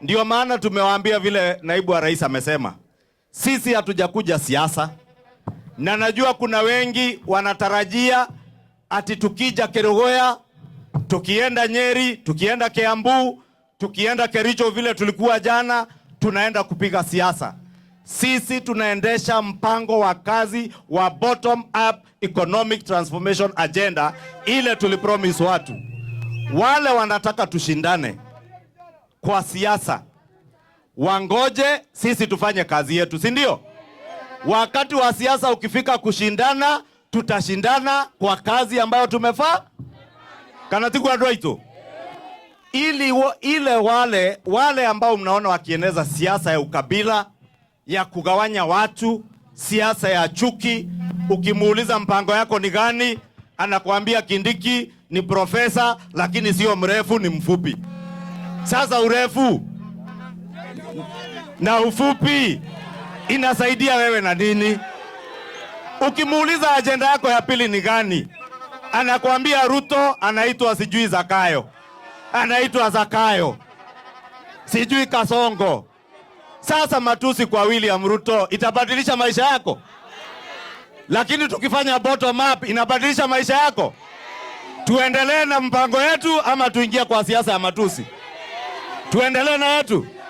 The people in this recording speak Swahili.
Ndio maana tumewaambia vile naibu wa rais amesema, sisi hatujakuja siasa, na najua kuna wengi wanatarajia ati tukija Kerogoya, tukienda Nyeri, tukienda Kiambu, tukienda Kericho vile tulikuwa jana, tunaenda kupiga siasa. Sisi tunaendesha mpango wa kazi wa bottom up economic transformation agenda ile tulipromise watu. Wale wanataka tushindane kwa siasa, wangoje sisi tufanye kazi yetu, si ndio? Wakati wa siasa ukifika kushindana, tutashindana kwa kazi ambayo tumefaa kanatikuadwaito ili wa, ile wale wale ambao mnaona wakieneza siasa ya ukabila ya kugawanya watu, siasa ya chuki. Ukimuuliza mpango yako ni gani, anakuambia Kindiki ni profesa, lakini sio mrefu, ni mfupi. Sasa urefu na ufupi inasaidia wewe na nini? Ukimuuliza ajenda yako ya pili ni gani, anakuambia Ruto anaitwa sijui Zakayo, anaitwa Zakayo sijui Kasongo. Sasa matusi kwa William Ruto itabadilisha maisha yako? Lakini tukifanya bottom up inabadilisha maisha yako? Tuendelee na mpango yetu ama tuingie kwa siasa ya matusi? tuendelee na watu.